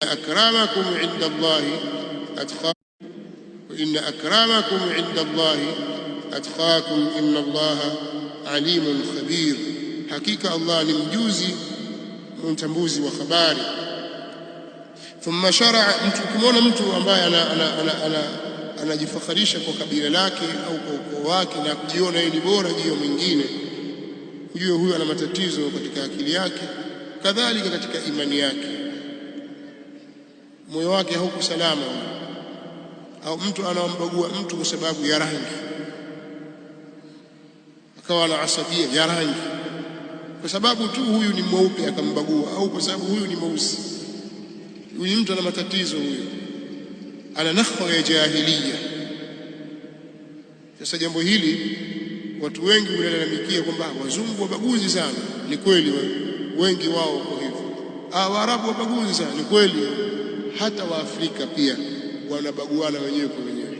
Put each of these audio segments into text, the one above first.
akramakum inda Allahi atqakum wa inna akramakum inda Allahi atqakum inna Allaha alimun khabir, hakika Allah ni mjuzi mtambuzi wa habari. Thumma sharaa, mtu ukimwona mtu ambaye anajifakharisha kwa kabila lake au kwa ukoo wake na kujiona yeye ni bora juu ya mwingine, hujue huyo ana matatizo katika akili yake, kadhalika katika imani yake moyo wake hauko salama, au mtu anambagua mtu kwa sababu ya rangi, akawa anaasabia ya rangi, kwa sababu tu huyu ni mweupe akambagua, au kwa sababu huyu ni mweusi. Huyu mtu ana matatizo, huyo ana nakhwa ya jahiliya. Sasa jambo hili watu wengi wanalalamikia kwamba wazungu wabaguzi sana. Ni kweli wengi wao wako hivyo, ah, waarabu wabaguzi sana. Ni kweli hata Waafrika pia wanabaguana wenyewe kwa wenyewe.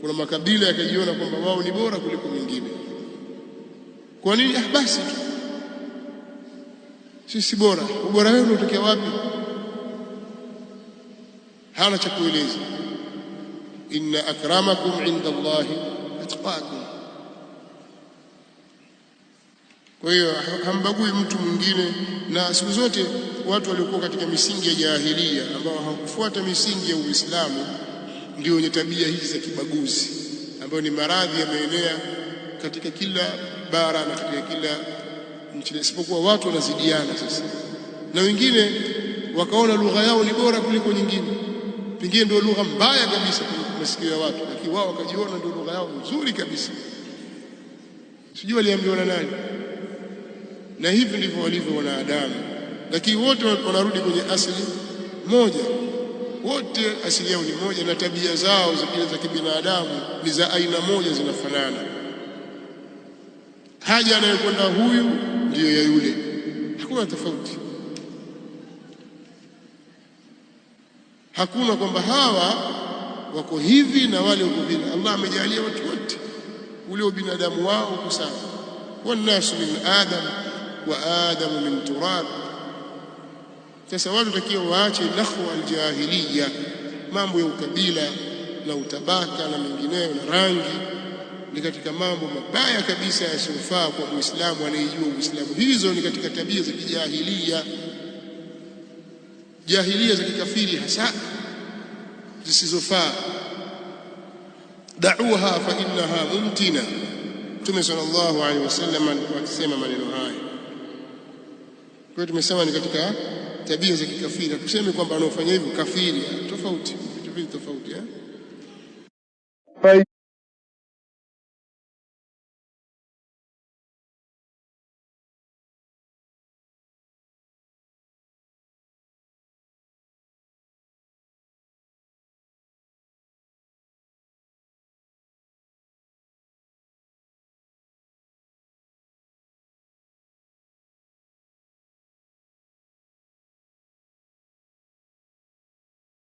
Kuna makabila yakajiona kwamba wao ni bora kuliko mwingine. Kwa nini? Ah, basi tu sisi bora. Ubora wenu unatokea wapi? Hana cha kueleza. Inna akramakum inda Allahi atqakum. Kwa hiyo hambagui mtu mwingine, na siku zote watu waliokuwa katika misingi ya jahilia ambao hawakufuata misingi ya Uislamu ndio wenye tabia hizi za kibaguzi, ambayo ni maradhi yameenea katika kila bara na katika kila nchi, isipokuwa watu wanazidiana sasa, na wengine wakaona lugha yao ni bora kuliko nyingine, pengine ndio lugha mbaya kabisa kwa masikio ya watu, lakini wao wakajiona ndio lugha yao nzuri kabisa. Sijui waliambiwa na nani, na hivi ndivyo walivyo wanadamu lakini wote wanarudi kwenye asili moja, wote asili yao ni moja, na tabia zao zingine za kibinadamu ni za aina moja, zinafanana. Haja anayokwenda huyu ndiyo ya yule, hakuna tofauti. Hakuna kwamba hawa wako hivi na wale wako vile. Allah amejalia watu wote ule ubinadamu wao uko sawa. Wannasu min adam wa adamu min turab sasa watu takiwa waache nahwa aljahiliya, mambo ya ukabila na utabaka na mengineyo na rangi, ni katika mambo mabaya kabisa yasiyofaa kwa Muislamu anayejua Uislamu. Hizo ni katika tabia za kijahiliya, jahiliya za kikafiri hasa zisizofaa. Dauha fa innaha mumtina. Mtume sallallahu alaihi wasallam alikuwa akisema maneno haya, kwa hiyo tumesema ni katika tabia za kikafiri. Tuseme kwamba anaofanya hivyo kafiri, tofauti, vitu vingi tofauti eh?